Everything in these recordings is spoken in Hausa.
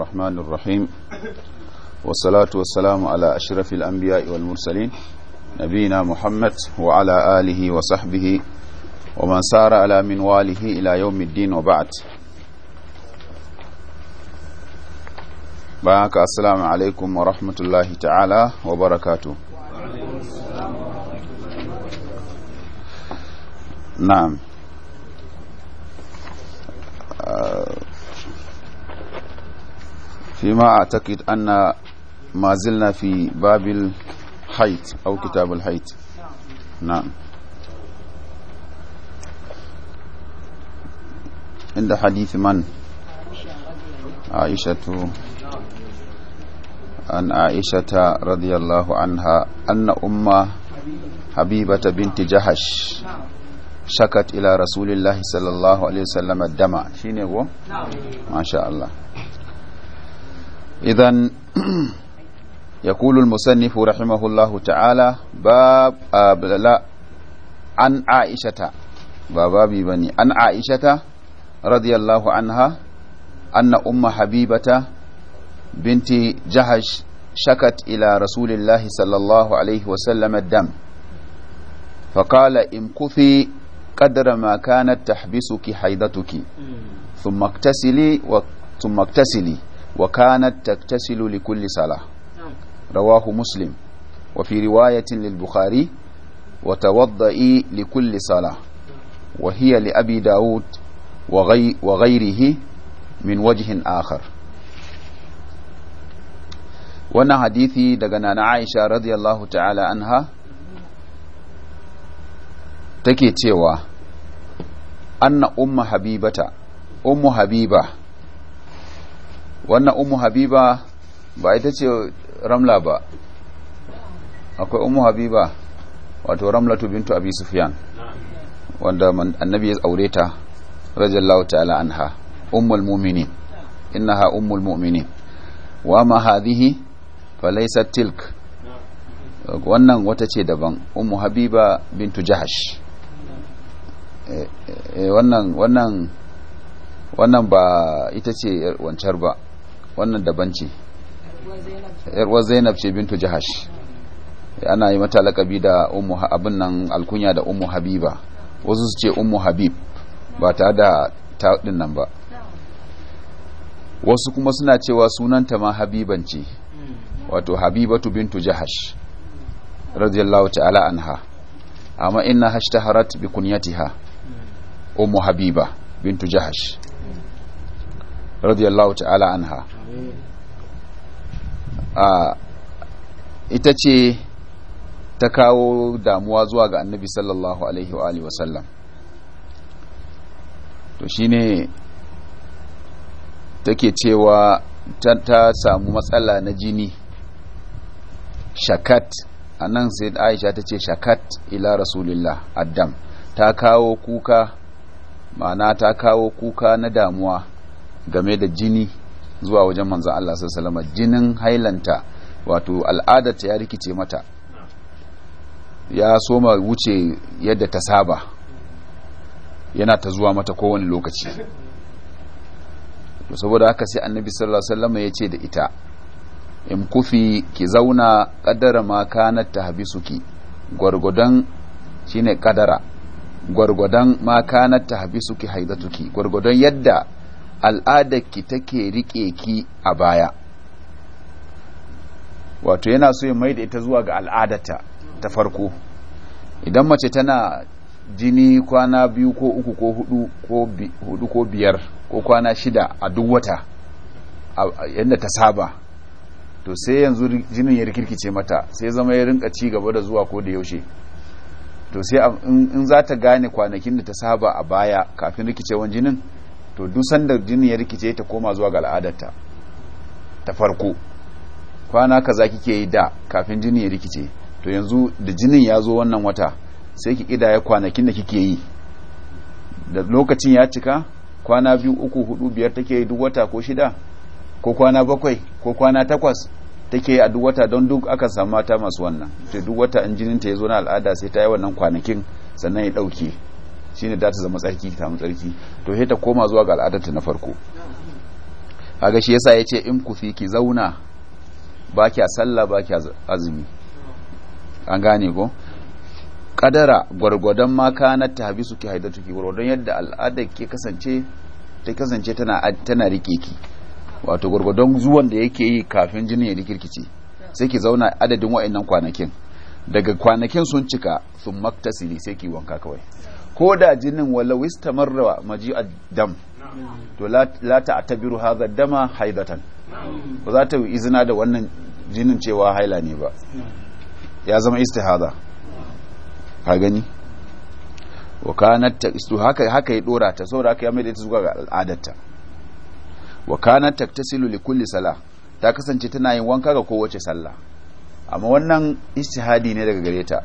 الرحمن الرحيم والصلاة والسلام على أشرف الأنبياء والمرسلين نبينا محمد وعلى آله وصحبه ومن سار على منواله إلى يوم الدين وبعد بارك السلام عليكم ورحمة الله تعالى وبركاته نعم آه فيما أعتقد أن ما زلنا في باب الحيط أو كتاب الحيط نعم عند حديث من عائشة عن عائشة رضي الله عنها أن أم حبيبة بنت جهش شكت إلى رسول الله صلى الله عليه وسلم الدمع شيني هو ما شاء الله إذن يقول المصنف رحمه الله تعالى باب لا عن عائشة بابي بني عن عائشة رضي الله عنها أن أم حبيبة بنت جهش شكت إلى رسول الله صلى الله عليه وسلم الدم فقال امكثي قدر ما كانت تحبسك حيضتك ثم اغتسلي ثم اغتسلي wa kanat taktasilu li kulli sala rawahu muslim wa fi riwayatin lil bukhari wa tawadda'i li kulli sala wa hiya li abi daud wa ghayrihi min wajhin akhar wannan hadithi daga nana Aisha radiyallahu ta'ala anha take cewa anna umma habibata habiba wannan umu habiba ba ita ce ramla ba akwai umu habiba wato ramlatu bintu abi sufyan wanda annabi ya aure ta rajallahu ta'ala anha ummul mu'minin innaha umul mu'mini wa ma hadhihi falaysat tilk wannan wata ce daban umu habiba bintu jahash eh, eh, eh, wannan wannan wannan ba ita ce wancar ba wannan daban ce yarwa zainab ce bintu jahash ana yi mata lakabi da abin nan alkunya da umu habiba wasu su ce umu habib ba ta da taɗin nan ba wasu kuma suna cewa sunanta ma Habibanci wato habibatu bintu jahash radiyallahu ta'ala anha amma inna hashtaharat bi kunyatiha umu habiba bintu jahash radiyallahu ta'ala anha a ita ce ta kawo damuwa zuwa ga annabi sallallahu alaihi wa alihi wasallam to shine take cewa ta, ta samu matsala na jini shakat a nan sai aisha ta ce shakat ila rasulillah addam ta kawo kuka ma'ana ta kawo kuka na damuwa game da jini zuwa wajen manzan Allah sallama jinin hailanta wato ta ya rikice mata ya soma wuce yadda ta saba yana ta zuwa mata kowane lokaci to saboda haka sai annabi sallallahu alaihi wasallam ya ce da ita in kufi ki zauna kadara ma kanat tahbisuki gwargwadon shine kadara gwargwadon ma kanat tahbisuki haidatuki gwargwadon yadda al'adarki take riƙe ki a baya wato yana so ya maida ita zuwa ga al'adata ta farko idan mace tana jini kwana biyu ko uku ko hudu ko biyar ko kwana shida a duk wata yadda ta saba to sai yanzu jinin ya rikirkice mata sai zama ya rinka ci gaba da zuwa ko da yaushe to sai in za ta gane kwanakin da ta saba a baya kafin rikice rikicewan jinin to duk sanda jinin ya rikice ta koma zuwa ga al'adarta ta farko kwana kaza kike yi da kafin jini ya rikice to yanzu da jinin ya zo wannan wata sai ki ya kwanakin da kike yi da lokacin ya cika kwana biyu uku hudu biyar take yi duk wata ko shida ko kwana bakwai ko kwana takwas take yi a duk wata don duk aka samu mata masu wannan to duk wata in jinin ta ya zo na al'ada sai ta yi wannan kwanakin sannan ya dauke shine da ta zama tsarki ta mu tsarki to sai ta koma zuwa ga al'adarta na farko kaga shi yasa yace in ku fi ki zauna ba kya sallah ba kya azumi an gane ko kadara gurgurdan ma kana tahbisu ki haidatu ki gurgurdan yadda al'ada ke kasance ta kasance tana tana rike ki wato gurgurdan zuwan da yake yi kafin jinin ya rikirkice sai ki zauna adadin wa'annan kwanakin daga kwanakin sun cika sun maktasili sai ki wanka kawai ko da jinin walau istamarra maji dam to la atabiru hadha dama haidatan ba za ta yi izina da wannan jinin cewa haila ne ba ya zama istihada ka gani wa kanat haka haka ya dora ta saboda haka ya mai da ita zuwa ga al'adarta wa kanat taktasilu li kulli salah ta kasance tana yin wanka ga kowace sallah amma wannan istihadi ne daga gare ta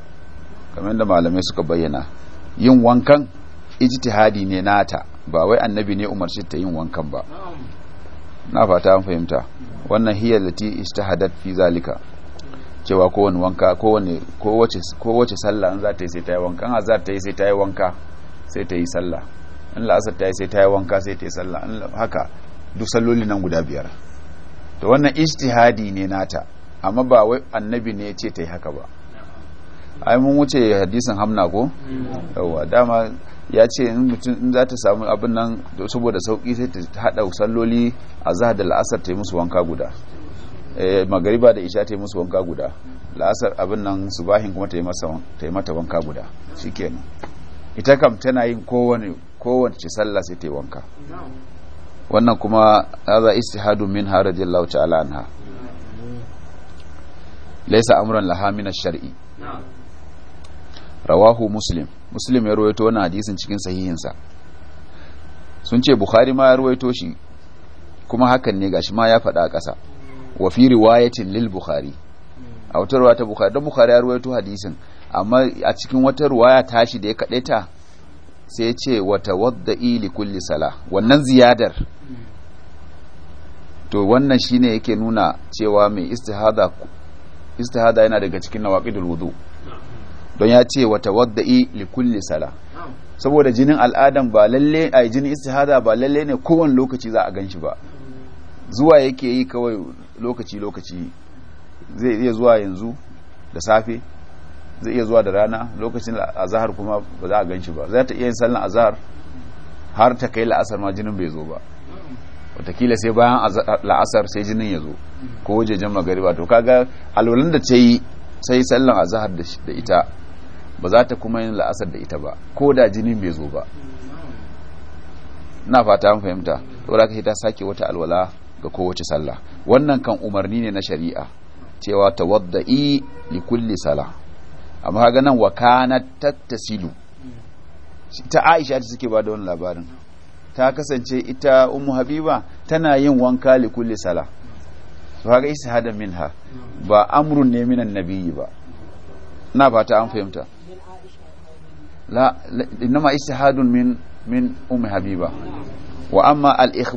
kamar yadda malamai suka bayyana yin wankan ijtihadi ne nata ba wai annabi ne umarci ta yin wankan ba na fata an fahimta wannan hiyar lati hadad fi zalika cewa kowane wanka kowane kowace kowace sallah in za ta yi sai ta yi wanka in za ta yi sai ta yi wanka sai ta yi sallah in la'asar ta yi sai ta yi wanka sai ta yi sallah in haka duk salloli nan guda biyar to wannan ijtihadi ne nata amma ba wai annabi ne ya ce ta yi haka ba ai mun wuce hadisin hamna ko yawa dama ya ce in mutum in za ta samu abin nan saboda sauki sai ta hada salloli a zahar da la'asar ta yi musu wanka guda eh, magariba da isha ta yi musu wanka guda la'asar abin nan su bahin kuma ta yi mata wanka guda shikenan ita kam tana yin kowane kowace sallah sai ta yi wanka wannan kuma hadha istihadu min harajin ta'ala anha Laisa amuran laha min ash-shar'i rawahu muslim muslim ya ruwaito wani hadisin cikin sahihinsa sun ce bukhari ma ya ruwaito shi kuma hakan ne gashi ma ya faɗa a ƙasa wa fi riwayatin lil bukhari a wata ruwa ta bukhari don bukhari ya ruwaito hadisin amma a cikin wata ruwaya tashi da ya kaɗaita sai ce wata wadda ili kulli sala wannan ziyadar to wannan shine yake nuna cewa mai istihada yana daga cikin da wudu' don ya ce wata wadda li likulli sala saboda jinin al'adan ba lalle a jinin istihada ba lalle ne kowane lokaci za a gan shi ba zuwa yake yi kawai lokaci lokaci zai iya zuwa yanzu da safe zai iya zuwa da rana lokacin azahar kuma ba za a gan shi ba za ta iya yin sallan azahar har ta kai la'asar ma jinin bai zo ba watakila sai bayan la'asar sai jinin ya zo ko wajejen magariba to kaga alwalan da ta yi sai sallan azahar da ita ba za ta kuma yin la'asar da ita ba ko da jinin bai zo ba na fata an fahimta da kai ta sake wata alwala ga kowace sallah wannan kan umarni ne na shari'a cewa tawadda'i li kulli salah amma ga nan wa kana tattasilu ta Aisha ta suke da wannan labarin ta kasance ita ummu habiba tana yin wanka li kulli salah to kaga istihada minha ba amrun ne minan nabiyyi ba na fata an fahimta la innama istihadun min min ummi habiba wa amma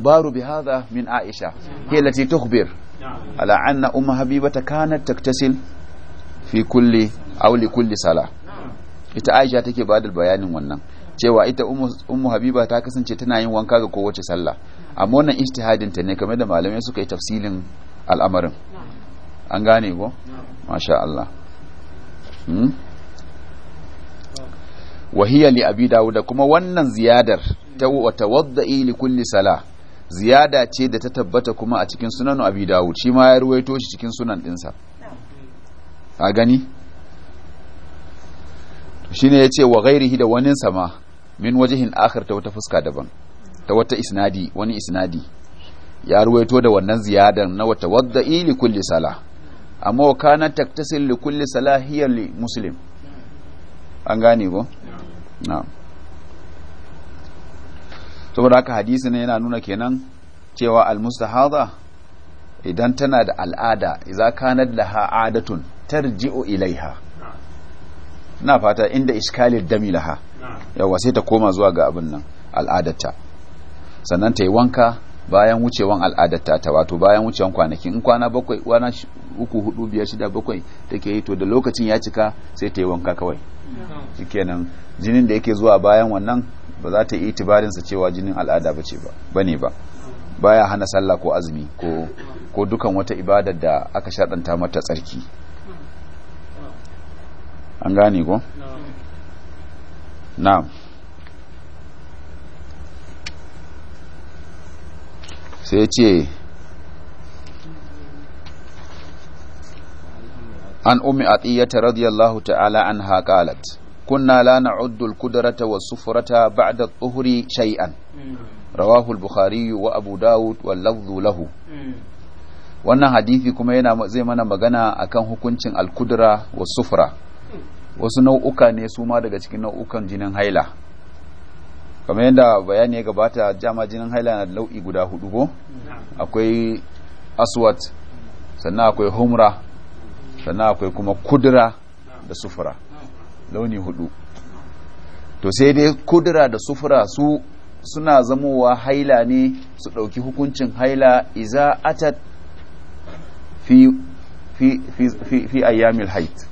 بهذا من bi هي min aisha على allati tukhbir ala كانت تكتسل habiba كل taktasil fi kulli aw li kulli sala ita aisha take bada bayanin wannan cewa ita ummu habiba ta kasance tana yin wanka ga kowace sallah amma wannan ijtihadin ta ne kamar da malamai suka yi tafsilin al'amarin an gane ko masha Allah wahiya li abi dawud kuma wannan ziyadar ta wa tawadda'i li kulli sala ziyada ce da ta tabbata kuma a cikin sunan abi dawud shi ma ya ruwaito shi cikin sunan dinsa a gani shine yace wa ghairihi da wani sama min wajihin akhar ta wata fuska daban ta wata isnadi wani isnadi ya ruwaito da wannan ziyadar na wata wadda ili kulli sala amma wa kana taktasil li kulli salahiyar muslim an gane ko na'am saboda haka hadisi ne yana nuna kenan cewa almustahada idan tana da al'ada idza kanat laha adatun tarji'u ilaiha na fata inda iskalin dami laha yawa sai ta koma zuwa ga abin nan al'adarta sannan ta yi wanka bayan wucewan al'adarta ta wato bayan wucewan kwanaki in kwana bakwai uku hudu biyar shida bakwai take yi to da lokacin ya cika sai ta yi wanka kawai shikenan jinin da yake zuwa bayan wannan ba za ta yi itibarin sa cewa jinin al'ada bace ba bane ba baya hana sallah ko azumi ko ko dukan wata ibada da aka shaɗanta mata tsarki an gane ko na'am sai ce an ummi atiyata radiyallahu ta'ala an qalat kunna lana na'uddu al-qudrata was-sufrata ba'da adh shai'an rawahul rawahu wa abu daud wa wannan hadisi kuma yana zai mana magana akan hukuncin alkudura wa sufura wasu nau'uka ne su ma daga cikin nau'ukan jinin haila kamar yadda bayani ya gabata jama jinin haila na nau'i guda hudu ko akwai aswat sannan akwai humra sannan akwai kuma kudura da sufura launi hudu to sai dai kudura da sufura su suna zamowa haila ne su ɗauki hukuncin haila iza atat fi, fi, fi, fi ayyamil hait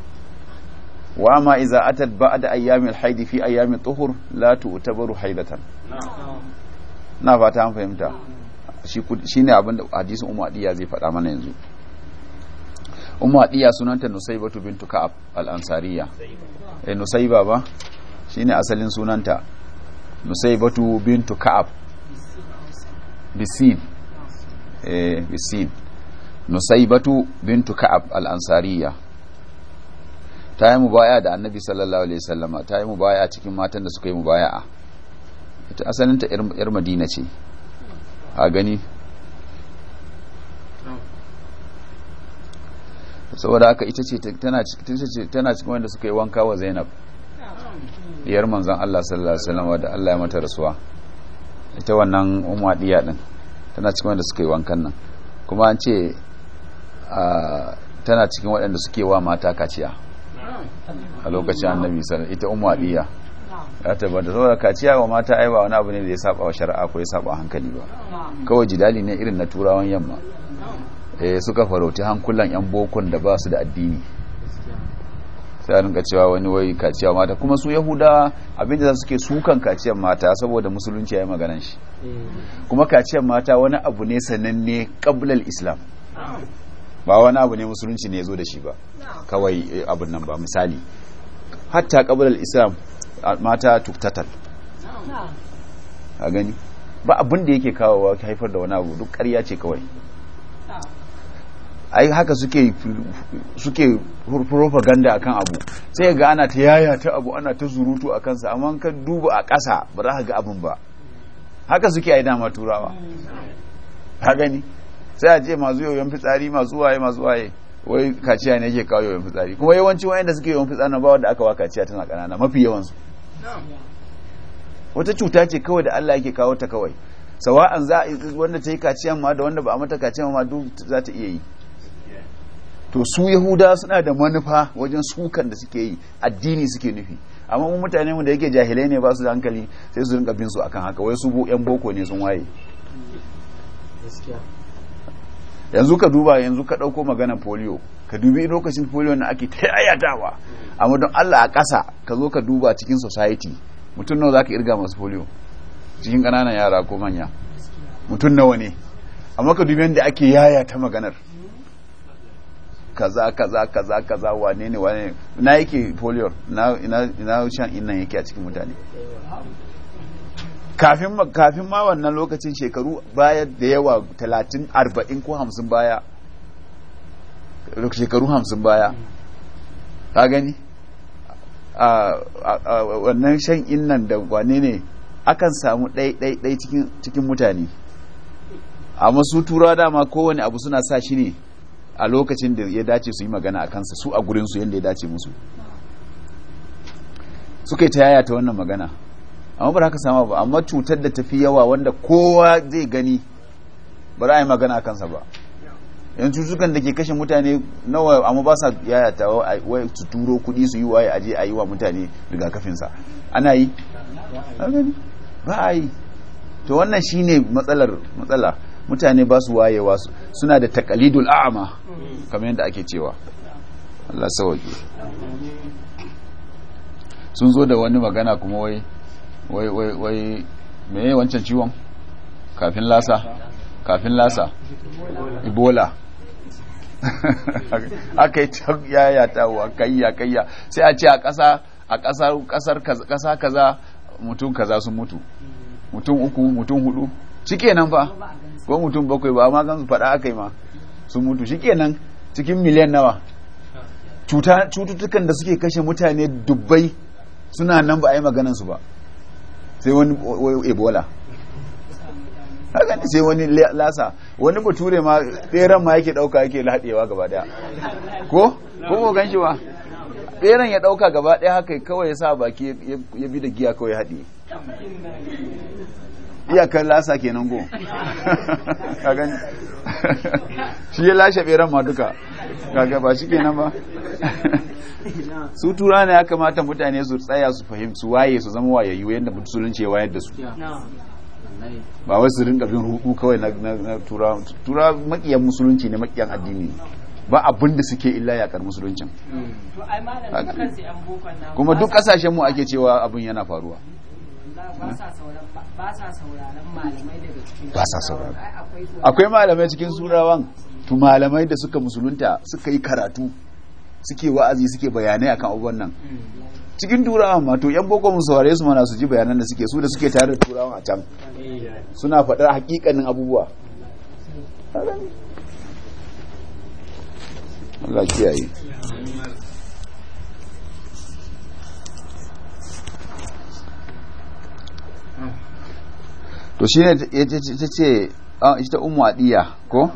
wa ma iza atat ba'da ayyamil haidi fi ayyamil tuhur la tu'tabaru haidatan na fata an fahimta shi ne abin da hadisin umu zai faɗa mana yanzu umma diya sunanta nusaybatu bintu ka'ab al-ansariya eh nusaiba ba shine asalin sunanta nusaybatu bintu ka'ab bisin eh bisin nusaybatu bintu ka'ab al-ansariya ta yi mubaya da annabi sallallahu alaihi wasallama ta yi mubaya cikin matan da suka yi mubaya ita asalinta 'yar madina ce a gani saboda haka ita ce tana cikin wanda suka yi wanka wa zainab diyar manzan Allah sallallahu alaihi wasallam da Allah ya mata rasuwa ita wannan umma diya din tana cikin wanda suka yi wankan nan kuma an ce tana cikin waɗanda suke wa mata kaciya a lokacin annabi sallallahu ita umma diya ya tabbata saboda kaciya wa mata aiwa wani abu ne da ya saba wa shari'a ko ya saba hankali ba kawai jidali ne irin na turawan yamma Eh, suka farauti hankulan 'yan bokon da ba su da addini sai a cewa wani wai kaciya mata kuma su yahuda abinda za suke sukan kaciyar mata saboda musulunci ya yi maganan shi eh. kuma kaciyar mata wani abu ne sananne kabilal islam ba wani abu ne musulunci ne ya zo da shi ba kawai eh, abin nan ba misali hatta kabilal islam mata tuktatal a gani ba abin da yake kawowa haifar da wani abu duk ƙarya ce kawai ai haka suke suke propaganda akan abu sai ga ana ta yaya ta abu ana ta zurutu a kansa amma ka duba a ƙasa ba za ka ga abin ba haka suke ai dama turawa ka gani sai a ce masu yoyon fitsari masu waye masu waye wai kaciya ne yake kawo yoyon fitsari kuma yawanci wayanda suke yoyon fitsari ba wanda aka wa kaciya tana kanana mafi yawansu wata cuta ce kawai da Allah yake kawo ta kawai sawa'an za wanda ta yi kaciyan ma da wanda ba a mata kaciyan ma duk za ta iya yi to su yahuda suna da manufa wajen sukan da suke yi addini suke nufi amma mu mutane mu da yake jahilai ne ba su da hankali sai su rinka bin su akan haka wai su yan boko ne sun waye yanzu ka duba yanzu ka dauko magana polio ka dubi lokacin polio na ake ta yayatawa amma don Allah a ƙasa ka zo ka duba cikin society mutum nawa zaka irga masu polio cikin ƙananan yara ko manya mutum nawa ne amma ka dubi yadda ake ta maganar kaza kaza kaza kaza wane ne wane na yake polio na ina ina shan innan yake a cikin mutane kafin kafin ma wannan lokacin shekaru baya da yawa 30 40 ko 50 baya shekaru 50 baya ka gani a wannan shan innan da wane ne akan samu ɗai ɗai ɗai cikin mutane amma su turawa dama kowane abu suna sa shi ne a lokacin da ya dace su yi magana a kansa su a gurinsu yadda ya dace musu suka yi ta yaya ta wannan magana amma ba haka sama ba amma cutar da tafi yawa wanda kowa zai gani ba za a yi magana a kansa ba yan cutukan da ke kashe mutane nawa amma ba sa yaya ta wai su turo kuɗi su yi waye aje a yi wa mutane rigakafinsa ana yi ba a yi to wannan shine matsalar matsala mutane ba su wayewa suna da takalidul a'ama kamar yadda ake cewa Allah sauki sun zo da wani magana kuma wai wai wai wai meye wancan ciwon kafin lasa kafin lasa ibola aka yi yaya tawo kayya kayya sai a ce a ƙasa a ƙasar ƙasar kaza mutum kaza sun mutu mutum uku mutum hudu nan fa ko mutum bakwai ba ma zan faɗa akai ma sun mutu nan cikin miliyan nawa cututtukan da suke kashe mutane dubbai suna nan ba a yi maganan su ba sai wani ebola haka ne sai wani lasa wani bature ma beran ma yake dauka yake ladewa gaba daya ko ko gan shi ba beran ya dauka gaba daya haka kawai yasa baki ya bi da giya kawai haɗe iyakar lasa kenan go kagan shi ya lashe beran ma duka kaga ba shi kenan ba su tura ne ya kamata mutane su tsaya su su waye su zama wayayyu yadda musulunci ya wayar da su ba wasu su rinka bin rudu kawai na tura tura makiyan musulunci ne makiyan addini ba abin da suke illa yakar musuluncin kuma duk kasashen mu ake cewa abin yana faruwa ba sa sauraron akwai malamai cikin surawan to malamai da suka musulunta suka yi karatu suke wa'azi suke bayanai akan abubuwan nan hmm. cikin turawan mato, yan boko mu saurare su mana su ji bayanan da suke su da suke tare da turawan a can suna faɗar hakikanin abubuwa Allah kiyaye to shi ne ta ce ah, ita umu adiya ko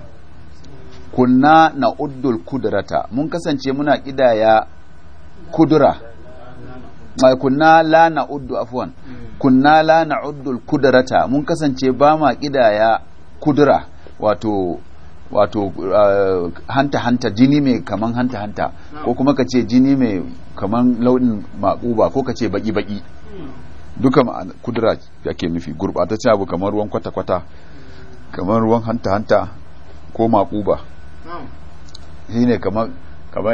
kunna na uddul kudurata mun kasance muna kidaya kudura kunna la na uddu afwan kunna la na uddul kudurata mun kasance ba ma kidaya kudura wato wato uh, ah, hanta hanta jini mai kaman hanta hanta ko kuma ka ce jini mai kaman launin makuba ko ka ce baki baki duka kudura yake nufi gurɓataccen abu kamar ruwan kwata-kwata kamar ruwan hanta-hanta ko makuba shi ne kamar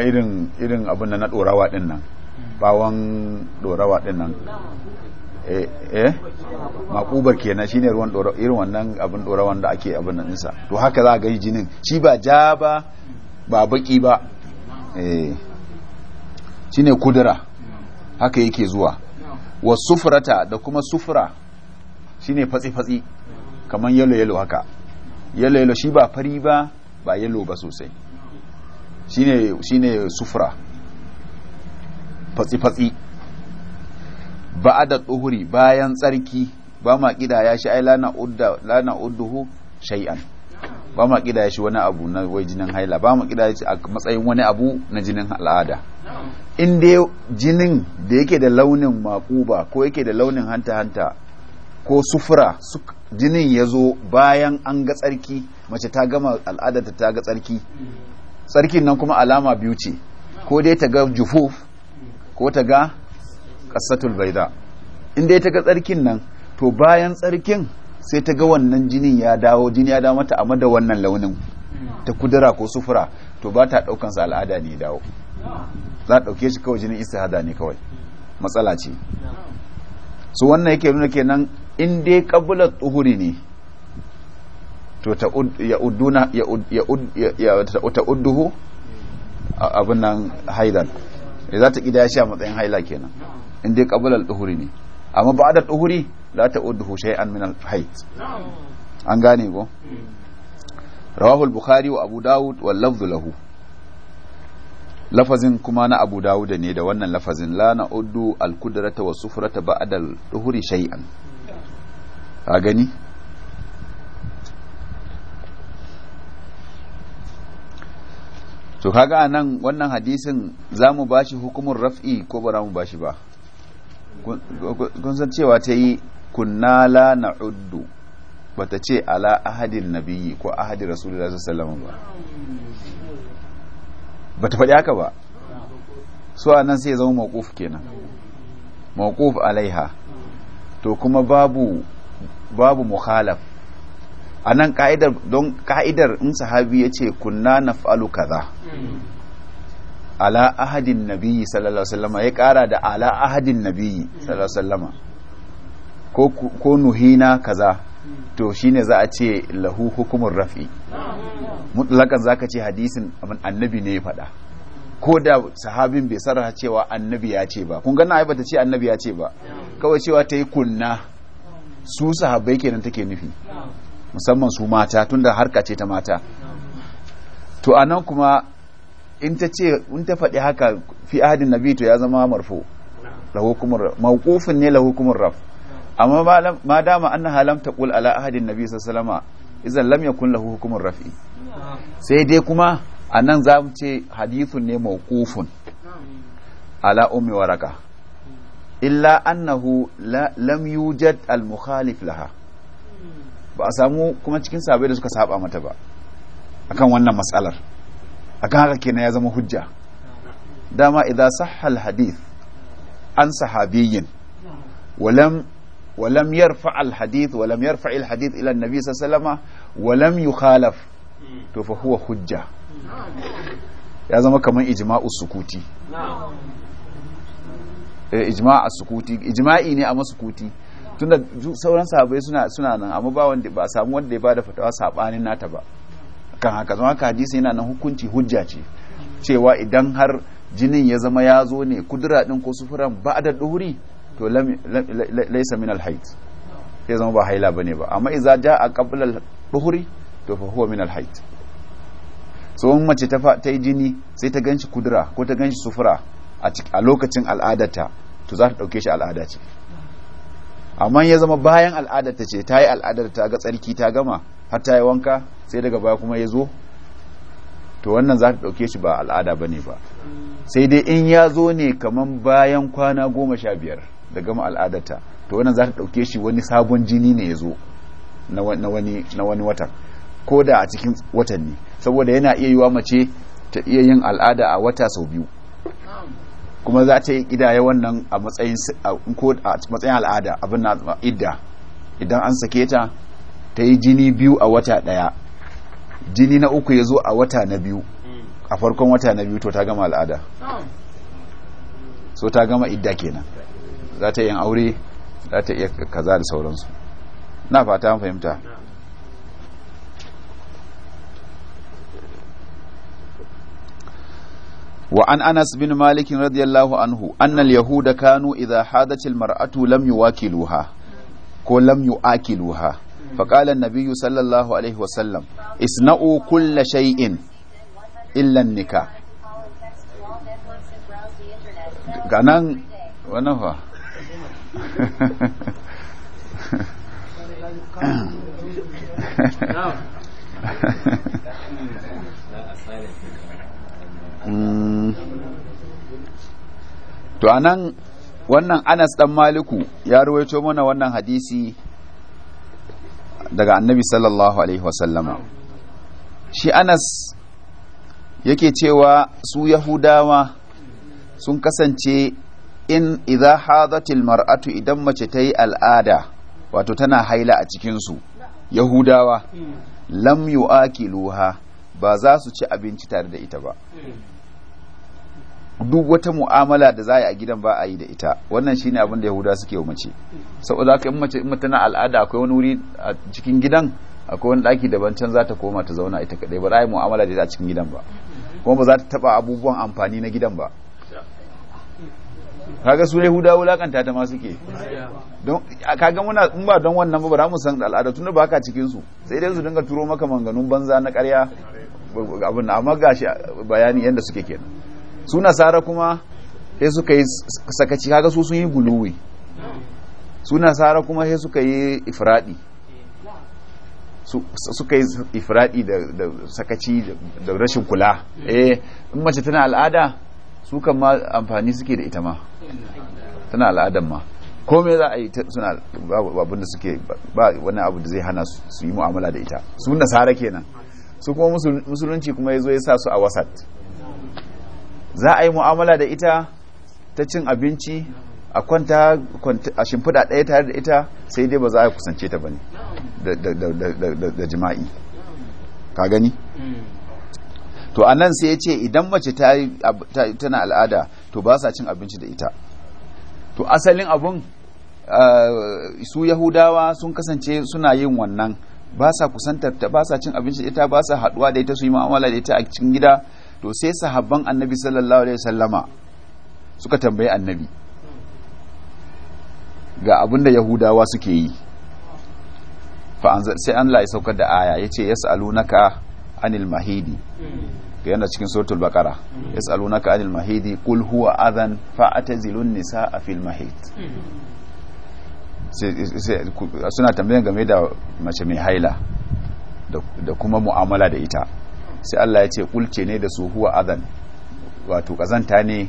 irin abin da na ɗorawa din nan bawon ɗorawa din nan eh na eh? kenan ne ruwan irin wannan abin dorawan da ake abin nan insa to haka za a gaji jinin shi ba ja ba ba baki ba eh ne kudura haka yake zuwa wa sufurata da kuma sufura shine fatsi-fatsi kamar yalo-yalo haka yalo-yalo shi ba fari ba ba yalo ba sosai shine sufura fatsi-fatsi ba da tsohuri bayan tsarki ba ma ya shi ai lana udduhu shay'an ba ma kida shi wani abu na wai jinin haila ba ma kida shi a matsayin wani abu na jinin al'ada in dai jinin da yake da launin makuba ko yake da launin hanta hanta ko sufura jinin ya zo bayan an ga tsarki mace ta gama al'adarta ta ga tsarki tsarkin nan kuma alama biyu ce ko dai ta ga jufuf ko ta ga ƙasatul baida in dai ta ga tsarkin nan to bayan tsarkin sai ta ga wannan jinin ya dawo jini ya dawo mata amma da wannan launin ta kudura ko sufura to ba ta daukan sa al'ada ne dawo za ta dauke shi kawai jinin istihada ne kawai matsala ce su wannan yake nuna kenan in dai kabular tuhuri ne to ta udduna ta udduhu abin nan haidan eh, za ta kida shi a matsayin haila kenan in dai kabular tuhuri ne amma ba da tuhuri la ta'udduhu shay'an an gane go rawahu bukhari wa abu dawud lafzu lahu lafazin kuma na abu dawud ne da wannan lafazin la na al-qudrata wa sufrata ba'da duhuri shay'an a gani to kaga anan wannan hadisin zamu bashi hukumin raf'i ko ba za mu bashi ba kun san cewa ta yi kunna la ba ta ce ala ahadin nabiyyi ko ahadin rasulullah sallallahu alaihi wasallam ba ta faɗi haka ba so anan sai ya zama mawquf kenan mawquf alaiha to kuma babu babu mukhalaf anan ka'idar don ka'idar in sahabi yace kunna naf'alu kaza ala ahadin nabiyyi sallallahu alaihi wasallama ya kara da ala ahadin nabiyyi sallallahu alaihi wasallama ko ko nuhina kaza to shine za a ce lahu hukumur raf'i mutlakan zaka ce hadisin annabi ne ya faɗa ko da sahabin bai sarrafa cewa annabi ya ce ba kun ga na bata ce annabi ya ce ba kawai cewa ta yi kunna su sahabbai kenan take nufi musamman su mata tunda harka ce ta mata to anan kuma in ta ce in ta faɗi haka fi ahadin nabi to ya zama marfu lahukumar mawqufin ne lahukumar raf amma ma dama annaha lam taqul ala ahadin nabi sallallahu alaihi idan lam yakun lahu hukumur rafi sai dai kuma anan za mu ce hadithun ne mawqufun ala ummi waraka illa annahu lam yujad al mukhalif laha ba a samu kuma cikin sabai da suka saba mata ba akan wannan matsalar a kan haka kenan ya zama hujja dama idza sahha alhadith an sahabiyyin walam walam yarfa alhadith walam yarfa alhadith ila annabi sallama walam yukhalaf to fa huwa hujja ya zama kaman ijma'u sukuti e eh, ijma'u sukuti ijma'i ne a masukuti tunda sauran sahabbai suna suna nan amma ba wanda ba samu wanda ya bada fatawa sabanin nata ba kan haka zama haka hadisi yana nan hukunci hujja ce cewa idan har jinin ya zama ya zo ne kudura din ko sufuran ba da duhuri to laisa min alhaid ya zama ba haila bane ba amma idza a qabla duhuri to fa huwa min alhaid so in mace ta ta yi jini sai ta ganshi kudura ko ta ganshi sufura a lokacin al'adarta to za ta dauke shi al'ada ce amma ya zama bayan al'adarta ce ta yi al'adar ta ga tsarki ta gama hatta ya wanka sai daga baya kuma ya zo to wannan za ta ɗauke shi ba al'ada ba ba sai dai in ya zo ne kamar bayan kwana goma sha biyar da gama al'adata to wannan za ta ɗauke shi wani sabon jini ne ya zo na wani watan ko da a cikin watanni saboda yana iya yiwa mace ta iya yin al'ada a wata sau biyu kuma za ta yi ƙidaya wannan a matsayin al'ada abin na idda idan an sake ta ta yi jini biyu a wata ɗaya jini na uku ya zo a wata na biyu a farkon wata na biyu to ta gama al'ada so ta gama idda kenan za ta yin aure za ta iya kaza da sauransu na fata an fahimta وعن أنس بن مالك رضي الله عنه أن اليهود كانوا إذا حادت المرأة لم يواكلوها ko lam yu'akiluha فقال النبي صلى الله عليه وسلم اصنعوا كل شيء إلا النكاح ganan wannan fa to anan wannan anas dan maliku ya ruwaito mana wannan hadisi daga annabi sallallahu alaihi wasallama shi anas yake cewa su yahudawa sun kasance in idza hadatil mar'atu idan mace ta yi al'ada wato tana haila a cikinsu yahudawa hmm. lam yu'akiluha ba za su ci abinci tare da ita ba hmm. duk wata mu'amala da za a yi a gidan ba a yi da ita wannan shine abin da yahuda suke mace saboda haka in mace in na al'ada akwai wani wuri a cikin gidan akwai wani daki daban can za ta koma ta zauna ita kadai ba za a yi mu'amala da ita a cikin gidan ba kuma ba za ta taba abubuwan amfani na gidan ba kaga su yahuda wulakanta ta ma suke kaga muna in ba don wannan ba ba mu san al'ada tunda ba ka cikin su sai dai su dinga turo maka manganun banza na ƙarya abin amma gashi bayani yadda suke kenan su nasara kuma sai suka yi sakaci kaga su sun yi guluwi su nasara kuma sai suka yi ifradi suka yi ifradi da sakaci da rashin kula eh in mace tana al'ada su kan ma amfani suke da ita ma tana al'adan ma kome za a yi suna babin da suke ba wani abu da zai hana su yi mu'amala da ita su nasara kenan su kuma musulunci kuma ya zo ya sa su a wasat za a yi mu'amala da ita ta cin abinci a kwanta a shimfiɗa ɗaya tare da ita sai dai ba za a kusance ta ba ne da jima'i ka gani to a nan sai ya ce idan mace tana al'ada to ba sa cin abinci da ita to asalin abun su yahudawa sun kasance suna yin wannan ba sa kusantar ta ba sa cin abinci da ita ba sa haɗuwa da ita su yi ma'amala da ita a cikin gida to sai sahabban annabi sallallahu alaihi wasallama suka tambayi annabi ga abinda yahudawa suke yi sai Allah ya saukar da aya yace yas'alunaka anil mahidi yana cikin suratul baqara yas'alunaka anil mahidi qul huwa adhan nisa nisaa fil mahid suna tambayan game da mace mai haila da kuma mu'amala da ita sai Allah ya ce kulce ne da su huwa adan wato kazanta ne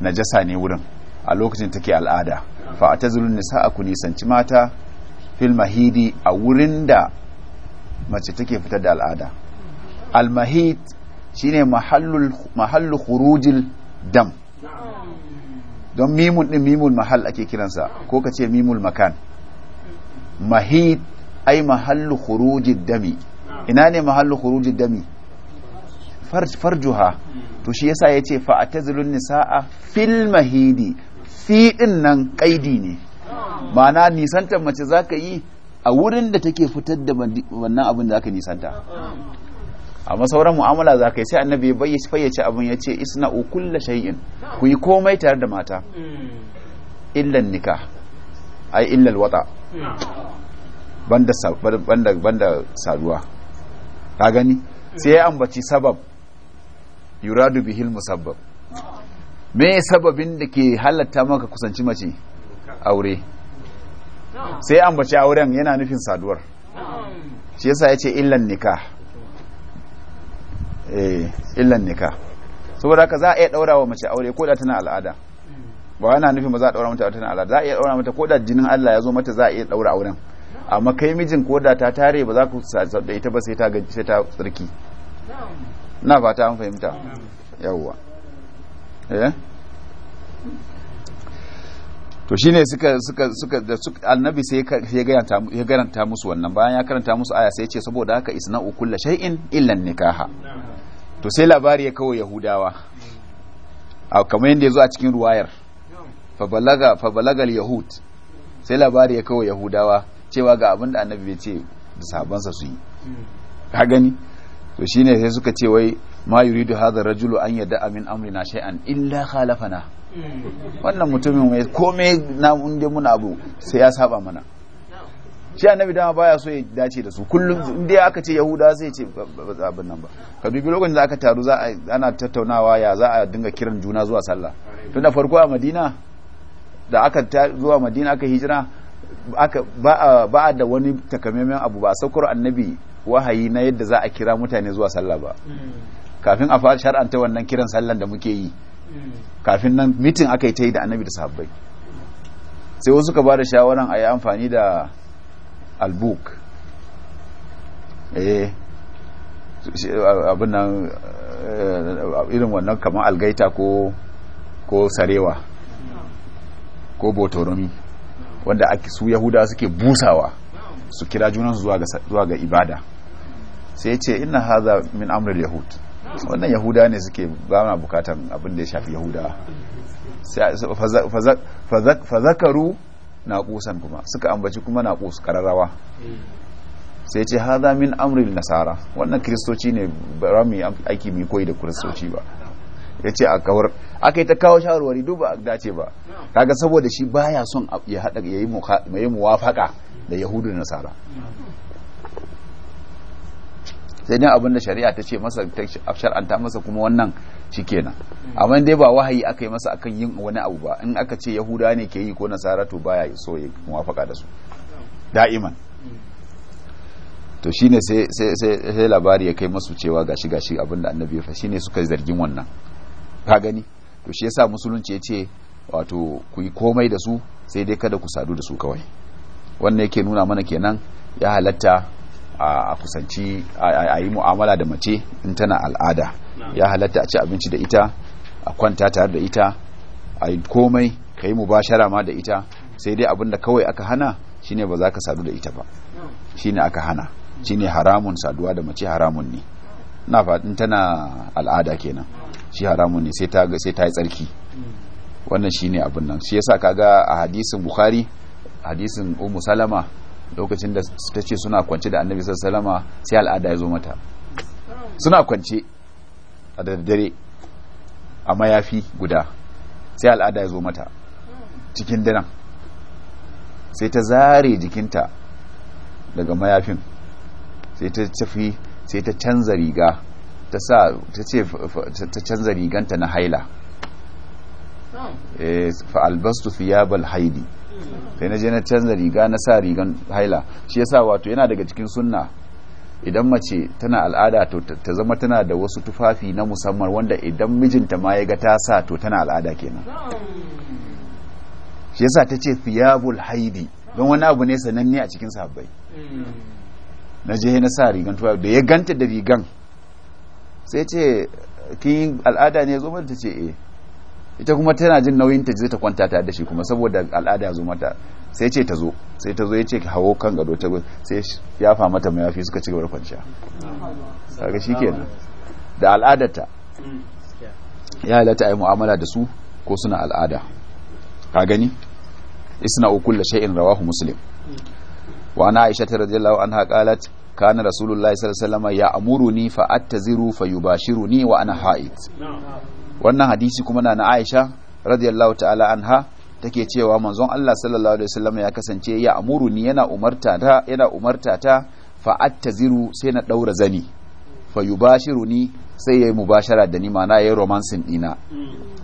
najasa ne wurin a lokacin take al'ada fa atazulun nisa ku nisanci mata fil mahidi a wurin da mace take fitar da al'ada al mahid shine mahallul mahallu khurujil dam don mimun din mimul mahal ake kiransa ko kace mimul makan mahid ai mahallu khurujid dami ina ne mahallu khurujid dami farjuha to shi yasa ya ce fa'atazilun nisa'a fil mahidi fi din nan kaidi ne mana nisanta mace zaka yi a wurin da take fitar da wannan abin da aka nisanta amma sauran mu'amala za ka yi sai annabi ya fayyace abin ya ce isna ukulla shay'in ku yi komai tare da mata illan nika ai illal wata banda saduwa ka gani sai ya ambaci sabab yuradu bihil musabbab me sababin da ke halatta maka kusanci mace aure sai ambaci auren yana nufin saduwar shi yasa yace illan nikah eh illan nikah saboda haka za a iya daura wa mace aure ko da tana al'ada ba yana nufin ba za a daura mata tana al'ada za a iya daura mata ko da jinin Allah ya zo mata za a iya daura auren amma kai mijin ko da ta tare ba za ku sadu da ita ba sai ta gaji sai ta tsarki na ba ta an fahimta yawwa eh to shine suka suka suka da annabi sai ya garanta ya garanta musu wannan bayan ya karanta musu aya sai ya ce saboda haka isna kullu shay'in illa nikaha to sai labari ya kawo yahudawa a kamar yadda yazo a cikin ruwayar fa balaga fa balagal yahud sai labari ya kawo yahudawa cewa ga abinda da annabi bai ce da sabansa su yi ka gani to shine sai suka ce wai ma yuridu hadha rajulu an yadda amin amrina shay'an illa khalafana wannan mutumin mai komai na inda muna abu sai ya saba mana shi annabi dama baya so ya dace da su kullum inda aka ce yahuda sai ce abin nan ba ka bi lokacin da aka taru za a ana tattaunawa ya za a dinga kiran juna zuwa sallah tun da farko a madina da aka zuwa madina aka hijira ba a da wani takamaiman abu ba a saukar annabi wahayi na yadda za a kira mutane zuwa sallah ba kafin a fara shar'anta wannan kiran sallan da muke yi kafin nan mitin aka yi ta yi da annabi da sahabbai sai wasu ka ba da shawaran a yi amfani da albuk eh abin nan eh, irin wannan kamar algaita ko ko sarewa ko botoromi wanda su yahuda suke busawa su kira junansu zuwa ga ibada sai ya ce ina haza min amril yahud wannan yahuda ne suke ba ma bukatan abin da ya shafi yahuda fa zakaru na kusan kuma suka ambaci kuma na kus kararrawa sai ce haza min amril nasara wannan kristoci ne ba mu aiki mai koyi da kristoci ba ya ce a kawar aka yi ta kawo shawarwari duk ba a dace ba kaga saboda shi baya son ya haɗa ya yi muwafaka da yahudu nasara sai dai abin da shari'a ta ce masa ta shar'anta masa kuma wannan shi kenan amma dai ba wahayi aka yi masa akan yin wani abu ba in aka ce yahuda ne ke yi ko nasara to baya so ya muwafaka da su da'iman to shine sai sai labari ya kai masu cewa gashi gashi abin da annabi ya fa shine suka zargin wannan ka gani to shi yasa musulunci ya ce wato ku yi komai da su sai dai kada ku sadu da su kawai wannan yake nuna mana kenan ya halatta a kusanci a yi mu'amala da mace in tana al'ada ya halatta a ci abinci da ita a kwanta tare da ita a yi komai ka yi mubashara ma da ita sai dai abin da kawai aka hana shine ba za ka sadu da ita ba shine aka hana shine haramun saduwa da mace haramun ne na faɗin tana al'ada kenan shi haramun ne sai ta yi tsarki mm. wannan shine abin nan shi yasa kaga a hadisin bukhari hadisin ummu salama lokacin da ta ce suna kwance da annabi sallama sai al'ada ya zo mata suna kwance a daddare a mayafi guda sai al'ada ya zo mata cikin dinan sai ta zare jikinta daga mayafin sai ta tafi sai ta canza riga ta sa ta ce ta canza riganta na haila hmm. eh, albastu fiyabal haidi sai na je na canza riga na sa rigan haila shi yasa wato yana daga cikin sunna idan mace tana al'ada to ta zama tana da wasu tufafi na musamman wanda idan mijinta ma ya ga ta sa to tana al'ada kenan shi yasa ta ce thiyabul haidi don wani abu ne sananne a cikin sabbai na je na sa rigan tufafi da ya ganta da rigan sai ce kin al'ada ne zo ta ce eh ita kuma tana jin nauyin ta zai ta kwanta ta da shi kuma saboda al'ada ya zo mata sai ce ta zo sai ta zo ya ce hawo kan gado ta sai ya fa mata yafi suka ci gaba da kwanciya kaga shikenan da ta ya halatta ai mu'amala da su ko suna al'ada ka gani isna ukul shay'in rawahu muslim wa ana aisha radhiyallahu anha qalat kana rasulullahi sallallahu alaihi wasallam ni fa attaziru fa yubashiruni wa ana ha'id wannan hadisi kuma na na Aisha radiyallahu ta'ala anha take cewa manzon Allah sallallahu alaihi wasallam ya kasance ya amuru ni yana umarta ta yana umarta ta fa attaziru sai na daura zani fa yubashiruni sai yayi mubashara da ni mana yayi romancing dina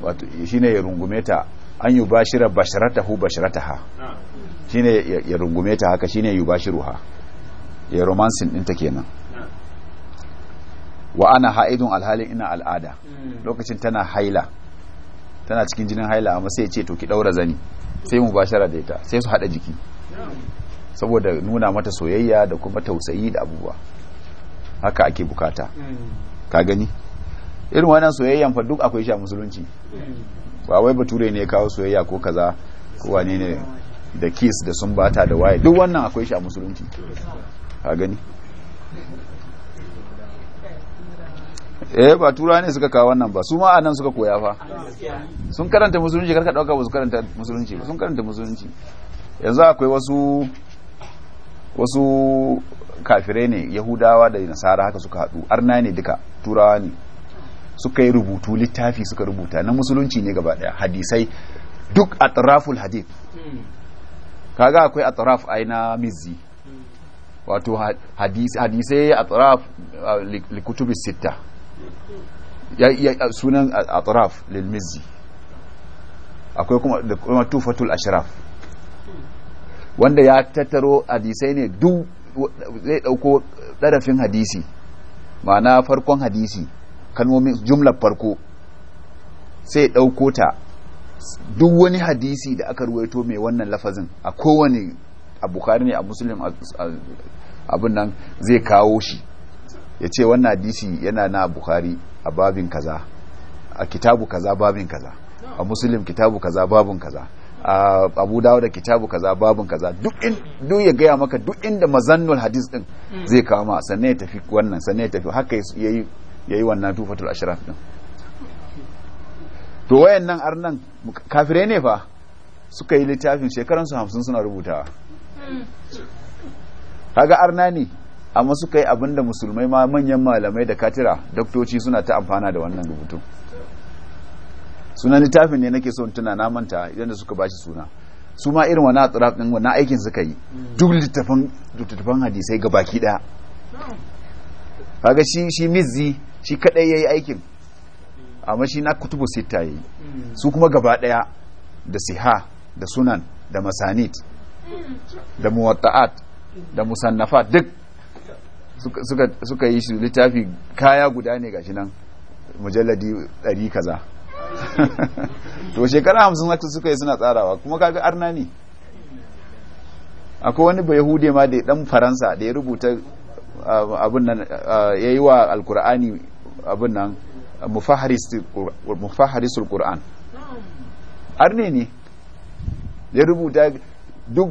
wato shine ya rungume ta an yubashira basharatahu basharataha shine ya rungume ta haka shine yubashiruha ya romancing din ta kenan wa ana ha'idun alhalin ina al'ada hmm. lokacin tana haila tana cikin jinin haila amma sai ce to ki daura zani sai mu bashara da ita sai su hada jiki saboda nuna mata soyayya da kuma tausayi da abubuwa haka ake bukata hmm. ka gani irin wannan soyayyan fa duk akwai shi a musulunci hmm. ba wai bature ne kawo soyayya ko kaza ko wane ne da kiss da sumbata da waye duk wannan akwai shi a musulunci ka gani eh ba tura ne suka kawo wannan ba su ma anan suka koya fa sun karanta musulunci karka dauka ba su karanta musulunci ba sun karanta musulunci yanzu akwai wasu wasu kafirai ne yahudawa da nasara haka suka haɗu arna ne duka turawa ne suka yi rubutu littafi suka rubuta na musulunci ne gaba daya hadisai duk atraful hadith kaga akwai atraf ai na mizzi wato hadisai atraf ah, likutubi sita sunan atraf lilmizzi akwai kuma da kuma tufatul ashraf wanda ya tattaro hadisai ne duk zai dauko ɗarafin hadisi ma'ana farkon hadisi kalmomin jumlar farko sai dauko ta duk wani hadisi da aka ruwaito mai wannan lafazin a kowane a bukari ne a musulun abin nan zai kawo shi ya ce wannan hadisi yana na bukhari a babin kaza a kitabu kaza babin kaza a musulun kitabu kaza babin kaza a abu dawo da kitabu kaza babin kaza duk in duk ya gaya maka duk inda mazannul hadis din mm. zai kama sannan ya tafi wannan sannan ya tafi haka ya yi wannan tufatul ashraf din to nan arnan kafirai ne fa suka yi littafin shekaransu hamsin suna rubutawa mm. kaga arna ne amma suka yi abinda musulmai ma manyan malamai da katira doktoci suna ta amfana da wannan rubutu sunan littafin ne nake son tuna na manta idan da suka bashi suna su ma irin wani atraf din wani aikin suka yi hmm. duk littafin littafin hadisai ga baki daya kaga shi shi mizzi shi kadai ya yi aikin amma shi na kutubu sita yi. Hmm. su kuma gaba daya da siha da sunan da masanit. Hmm. da muwatta'at da musannafat duk suka yi su littafi kaya guda ne gashi nan mujalladi ɗari kaza to shekara hamsin haka suka yi suna tsarawa kuma kaga arna ne akwai wani bayahude ma da dan faransa da ya rubuta ah, abin nan ah, ya yi wa alkur'ani abin nan mufaharisul kur'an arne ne ya rubuta duk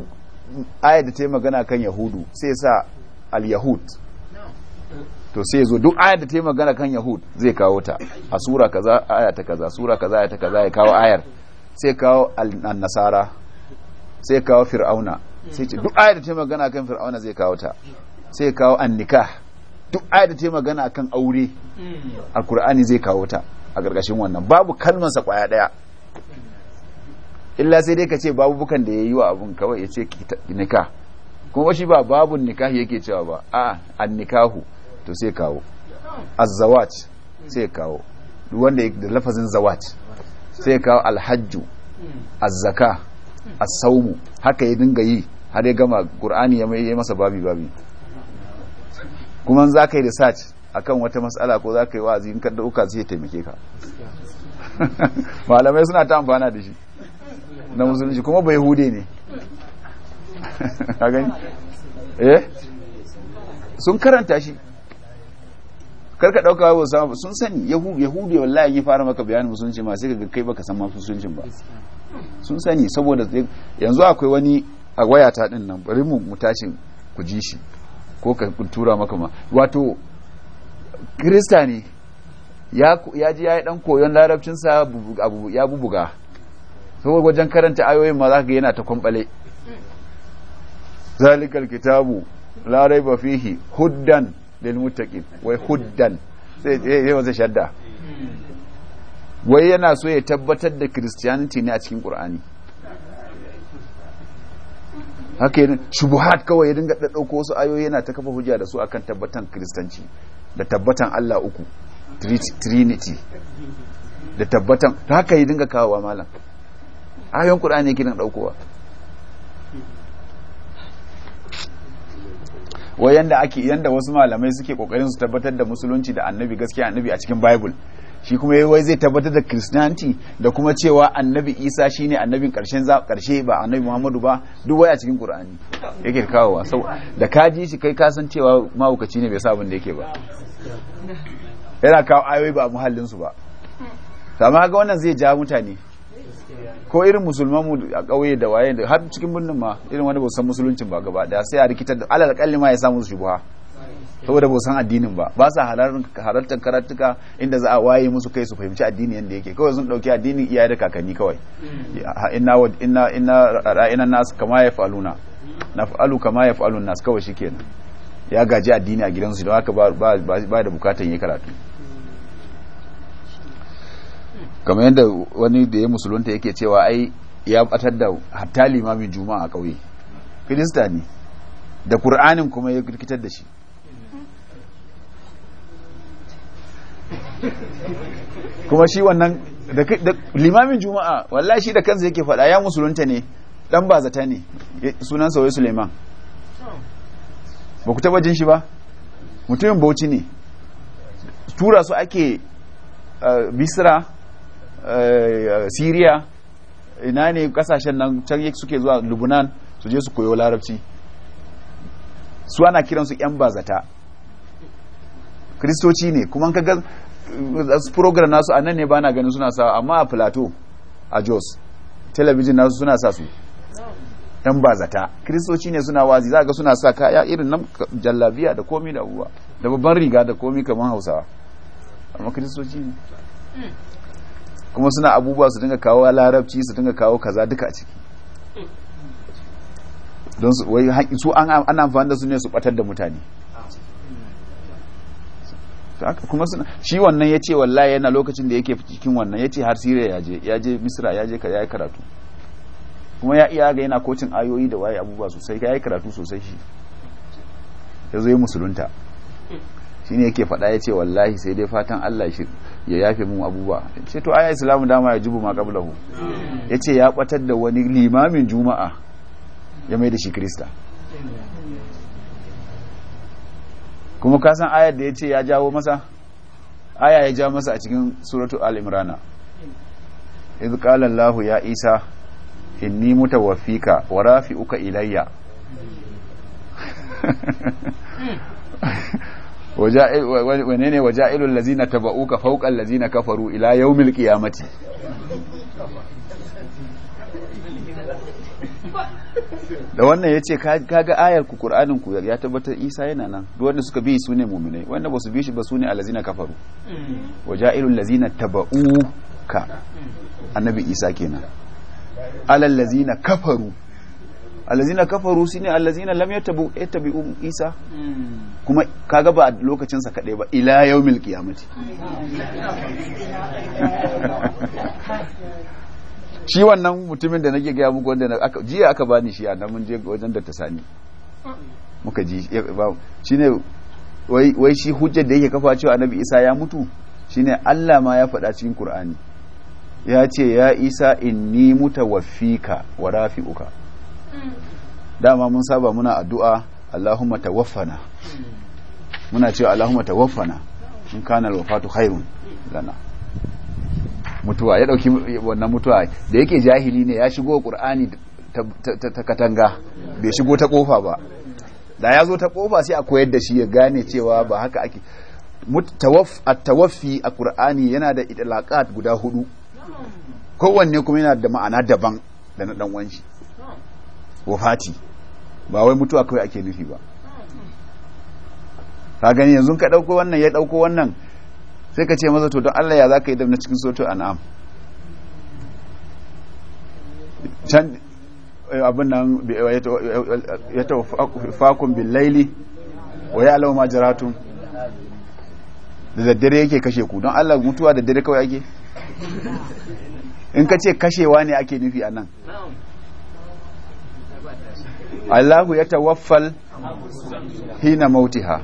ayat da ta yi magana kan yahudu sai sa al-yahud to sai zo duk ayar da ta yi magana kan yahud zai kawo ta a sura kaza aya ta kaza sura kaza aya ta kaza ya kawo ayar sai kawo al-nasara sai kawo fir'auna sai ce duk ayar da ta yi magana kan fir'auna zai kawo ta sai kawo annika duk ayar da ta yi magana kan aure alkur'ani zai kawo ta a gargashin wannan babu kalmansa kwaya daya illa sai dai ka ce babu bukan da ya yi wa abun kawai ya ce nika kuma shi ba babun nikahi yake cewa ba a an nikahu to sai kawo azawaj sai kawo wanda da lafazin zawaj sai kawo alhajju azzaka zaka haka ya dinga yi har ya gama qur'ani ya mai masa babi babi kuma za ka yi research akan wata matsala ko za ka yi wa'azi in ka dauka zai taimake ka malamai suna ta amfana da shi na musulunci kuma bai hude ne eh sun karanta shi karka dauka wai sama ba sun sani Yahudu Yahudu wallahi yi fara maka bayanin musulunci ma sai ka kai baka san ma musuluncin ba sun sani saboda yanzu akwai wani a ta din nan bari mu mu tashin ku ji shi ko ka tura maka ma wato krista ne ya ji ya yi dan koyon larabcinsa ya bubuga saboda wajen karanta ayoyin ma za ka yana ta kwambale zalikar kitabu larai ba fihi huddan lil wai huddan sai ya wasa shadda wai yana so ya tabbatar da christianity ne a cikin qur'ani haka yin shubuhat kawai ya dinga ɗaɗɗauko wasu ayoyi yana ta kafa hujja da su akan tabbatan kiristanci da tabbatan Allah uku trinity da tabbatan haka ya dinga kawowa malam ayoyin qur'ani yake dinga ɗaukowa wai yanda ake yanda wasu malamai suke kokarin su tabbatar da musulunci da annabi gaskiya annabi a cikin bible shi kuma yayi wai zai tabbatar da christianity da kuma cewa annabi isa shine annabin karshen karshe ba annabi muhammadu ba duk wai a cikin qur'ani yake kawowa sau da ka ji shi kai ka san cewa mahaukaci ne bai sa abin da yake ba yana kawo ayoyi ba muhallin su ba amma ga wannan zai ja mutane ko irin musulman mu a ƙauye da waye da har cikin birnin ma irin wanda ba san musuluncin ba gaba daya sai a rikitar da alal kalli ma ya samu su saboda ba san addinin ba ba sa halartar karatuka inda za a waye musu kai su fahimci addini yadda yake kawai sun dauki addinin iyaye da kakanni kawai inna inna inna ra'inan nas kama yaf'aluna naf'alu kama yaf'alun nas kawai shikenan ya gaji addini a gidansu don haka ba ba da bukatan yi karatu kamar yadda wani da ya musulunta yake cewa ai ya batar da hatta limamin juma'a a ƙauye kirista ne da ƙur'anin kuma ya rikitar da shi kuma shi wannan limamin juma'a wallahi shi da kansa yake faɗa ya musulunta ne dan ba zata ne sunan sauye suleiman ba ku taba jin shi ba mutumin bauchi ne tura su ake eh, bisra Eh, syria ina ne kasashen nan can suke zuwa lubunan su je su koyo larabci su ana kiransu yan bazata kristoci ne kuma ka ga eh, program nasu anan ne ba na ganin suna sa amma a plateau a jos television nasu suna sa su yan bazata kristoci ne suna wazi za ga suna sa kaya irin nan jallabiya da komi da uwa da babban riga da komi kamar hausawa amma kristoci ne hmm. kuma suna abubuwa su dinga kawo larabci su dinga kawo kaza duka a ciki don su wai su an amfani da su ne su batar da mutane kuma suna shi wannan ya ce wallahi yana lokacin da yake cikin wannan ya ce har siriya ya je ya je misira ya je ya yi karatu kuma ya iya ga yana kocin ayoyi da waye abubuwa sosai ya yi karatu sosai shi ya zo yi musulunta ne yake faɗa ya ce wallahi sai dai fatan allah shi ya yafe mun abubuwa ce to aya islamu dama ya jubu ma qablahu yace ya batar da wani limamin juma'a ya mai da shi krista kuma kasan san ayar da yace ya jawo masa aya ya ja masa a cikin suratu al-imrana idh qala allah ya isa inni mutawaffika wa rafi'uka ilayya hmm. wane ne waja'ilul lazina ba'uka fawqal lazina kafaru ila yawmil qiyamati da wannan yace kaga ayar ku qur'anin ku ya tabbatar Isa yana nan duk wanda suka bi su ne mu'minai wanda basu bi shi ba su ne allazina kafaru waja'ilul lazina taba'uka annabi Isa kenan alal lazina kafaru allazina kafaru shine allazina lam yatabu yatabu isa kuma kaga ba lokacin sa kadai ba ila yaumil qiyamati shi wannan mutumin da nake gaya muku wanda aka jiya aka bani shi a mun je wajen da ta sani muka ji shine wai wai shi hujjar da yake kafa cewa annabi isa ya mutu shine Allah ma ya faɗa cikin Qur'ani ya ce ya isa inni mutawaffika wa rafi'uka dama mun saba muna addu'a Allahumma tawaffana muna cewa Allahumma tawaffana in kana alwafatu hairun lana mutuwa ya dauki wannan mutuwa da yake jahili ne ya shigo ƙur'ani ta katanga bai shigo ta ƙofa ba da ya zo ta ƙofa sai a koyar da shi ya gane cewa ba haka ake a tawafi a ƙur'ani yana da itlaqat guda hudu kowanne kuma yana da ma'ana daban da na dan wafati ba wai mutuwa kawai ake nufi ba ka gani yanzu ka dauko wannan ya dauko wannan sai ka ce masa to don Allah ya za ka yi na cikin soto na'am can eh, abin nan eh, ya tawafakun eh, billaili wa ya alama majaratun da daddare yake kashe ku don Allah mutuwa da daddare kawai ake in ka ce kashewa ne ake nufi a nan Allahu ya tawaffal hina mautiha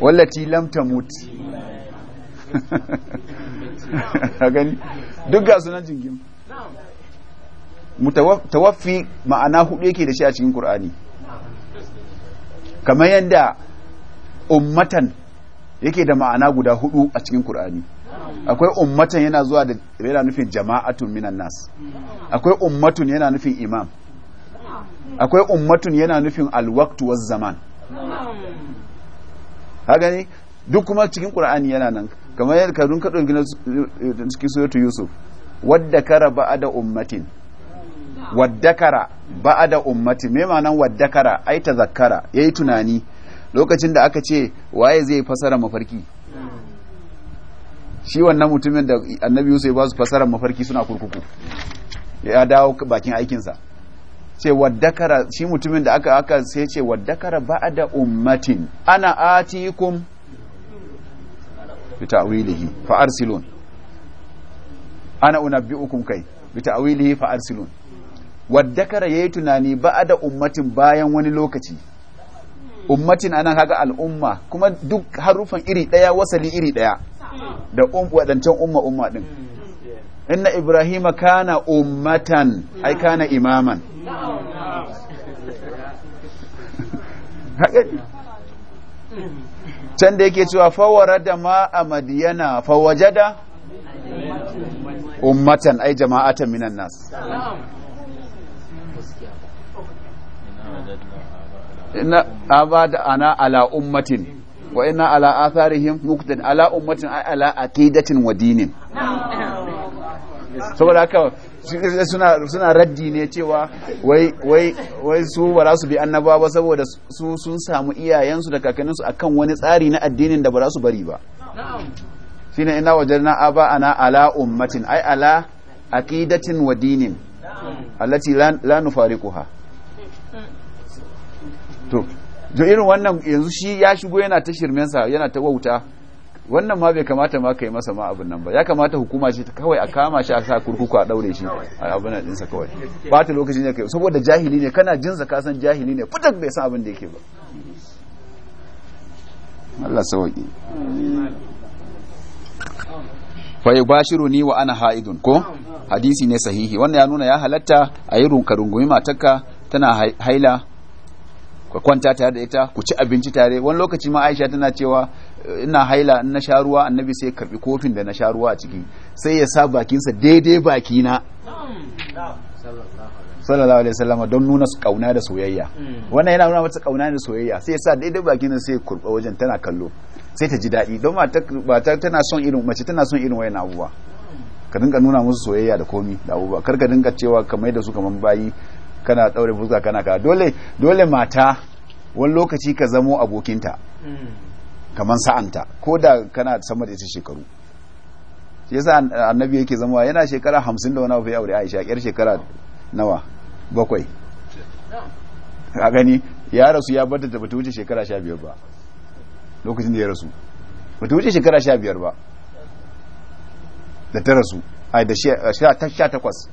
wallati lam tamut a gani duk ga sunan jingim tawaffi ma'ana hudu yake da shi a cikin Kur'ani kamar yadda ummatan yake da ma'ana guda hudu a cikin Kur'ani akwai ummatan yana zuwa da yana nufin jama'atun minan nas akwai ummatun yana nufin imam akwai ummatun yana nufin alwaktu waz zaman haka ne duk kuma cikin ƙura'ani yana nan kamar yadda kadun ka gina cikin suratu yusuf waddakara da ummatin waddakara da ummatin nan ma'anan waddakara ai ya yi tunani lokacin da aka ce waye zai fasara mafarki shi wannan mutumin da annabi yusuf ya ba su fasara mafarki suna kurkuku ya dawo bakin aikinsa ce waddakara shi mutumin da aka aka sai ce waddakara da ummatin ana atikum bi ta'wilihi fa arsilun ana unabbi'ukum kai bi ta'wilihi fa arsilun waddakara yayi tunani da ummatin bayan wani lokaci ummatin ana kaga al'umma kuma duk harufan iri daya wasali iri daya da um wadancan umma umma din inna ibrahima kana ummatan ai kana imaman can da yake cewa fawara da ma a madiyana fawaje da ummatan ai jama'ata minan nas ina abada ana ala ummatin wa ina ala atharihim muqtad ala ummatin ala aqidatin wa dinin saboda haka suna raddi ne cewa wai su ba za su bi annabawa ba saboda su sun samu iyayensu da kakanninsu akan wani tsari na addinin da ba za su bari ba shi ne ina wajen na aba ana ala ummatin ai ala aqidatin wa dinin allati la nufariquha to to irin wannan yanzu shi ya shigo yana ta shirmensa yana ta wauta wannan ma bai kamata ma kai masa ma abin nan ba ya kamata hukuma ce kawai a kama shi a sa kurkuku a daure shi a abin nan dinsa kawai ba ta lokaci ne kai saboda jahili ne kana jinsa ka san jahili ne fitak bai san abin da yake ba Allah sauki fa yubashiru ni wa ana haidun ko hadisi ne sahihi wannan ya nuna ya halatta a yi runka rungumi matarka tana haila ka kwanta tare da ita ku ci abinci tare wani lokaci ma Aisha tana cewa ina haila in na sha ruwa annabi sai karbi kofin da na sha ruwa a ciki sai ya sa bakinsa daidai bakina sallallahu alaihi wasallam don nuna su kauna da soyayya wannan yana nuna mata kauna da soyayya sai ya sa daidai bakin sai kurba wajen tana kallo sai ta ji daɗi don mata tana son irin mace tana son irin wayan abubuwa ka dinga nuna musu soyayya da komi da abubuwa kar ka dinga cewa ka mai da su kamar bayi kana daure fuska kana ka dole dole mata wani lokaci ka zamo abokinta kamar sa'anta ko da kana sama da ita shekaru shi yasa annabi yake zama yana shekara hamsin da wani abu ya aure aisha yar shekara nawa bakwai a gani ya rasu ya bar da bata wuce shekara sha biyar ba lokacin da ya rasu bata wuce shekara sha biyar ba da ta rasu a da sha takwas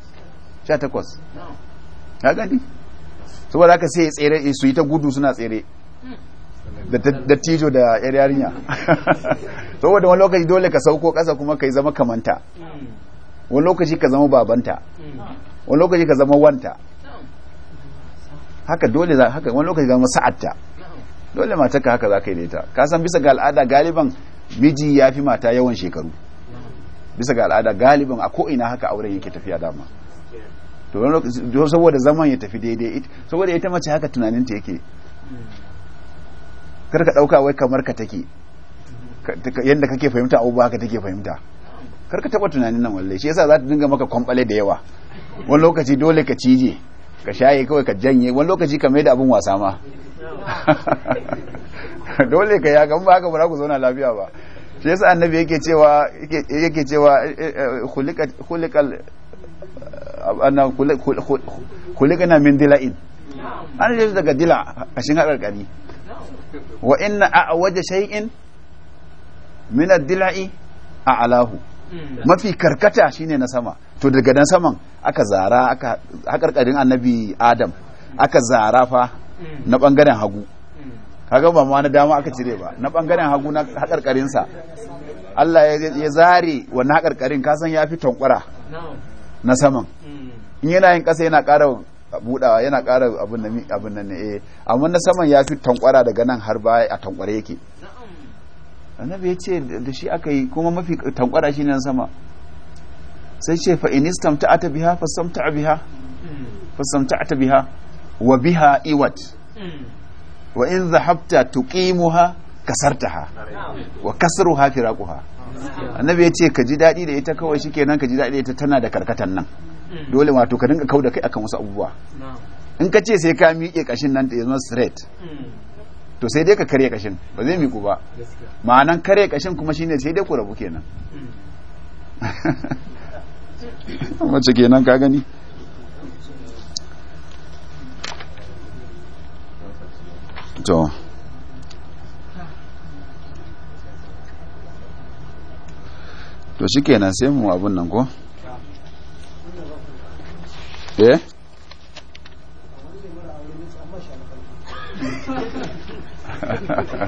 sha takwas ya gani saboda haka sai ya tsere su yi ta gudu suna tsere da tijo da yar yarinya saboda wani lokaci dole ka sauko kasa kuma ka zama kamanta wani lokaci ka zama babanta wani lokaci ka zama wanta haka dole za haka wani lokaci zama sa'atta dole ka haka za ka yi da ka san bisa ga al'ada galiban miji ya fi mata yawan shekaru bisa ga al'ada galiban a ko'ina haka auren yake tafiya dama to saboda zaman ya tafi daidai saboda ita mace haka tunaninta yake kar ka dauka wai kamar ka take yadda kake fahimta ba ka take fahimta kar ka taba tunanin nan wallahi shi yasa za ta dinga maka kwamfale da yawa wani lokaci dole ka cije ka shaye kawai ka janye wani lokaci ka maida abin wasa ma dole ka ya kan ba haka ba ku zauna lafiya ba shi yasa annabi yake cewa yake cewa eh, eh, eh, khuliqat khuliqal anna khuliqana min dila'in an yi daga dila kashin hadarkari wa inna waje shay'in min dila'i a a'lahu hmm. mafi karkata shine na sama to daga dan saman aka zara aka karkarin annabi adam aka zara fa hmm. na bangaren hagu hmm. kaga ba ma na dama aka cire ba na bangaren hagu na hakarkarin sa Allah ya zare wannan hakarkarin kasan ya fi tankwara na saman in yana yin kasa yana ƙara budawa yana ƙara abin nan abin nan ne eh. amma na saman ya fi tankwara daga nan har baya a tankware yake annabi ya ce da shi aka yi kuma mafi tankwara shi nan sama sai ce fa in istamta ata biha fa samta biha fa samta ata biha wa biha iwat wa in zahabta tuqimuha kasartaha wa kasruha firaquha annabi ya ce ka ji daɗi da ita kawai shikenan ka ji daɗi da ita tana da karkatan nan dole wato ka dinga kauda kai akan wasu abubuwa in ka ce sai ka miƙe kashin nan da yanzu straight to sai dai ka karya kashin ba zai miƙo ba ma'anan karya kashin kuma shine sai dai ku rabu kenan Wace kenan ka gani to to shikenan sai mu abun nan ko eh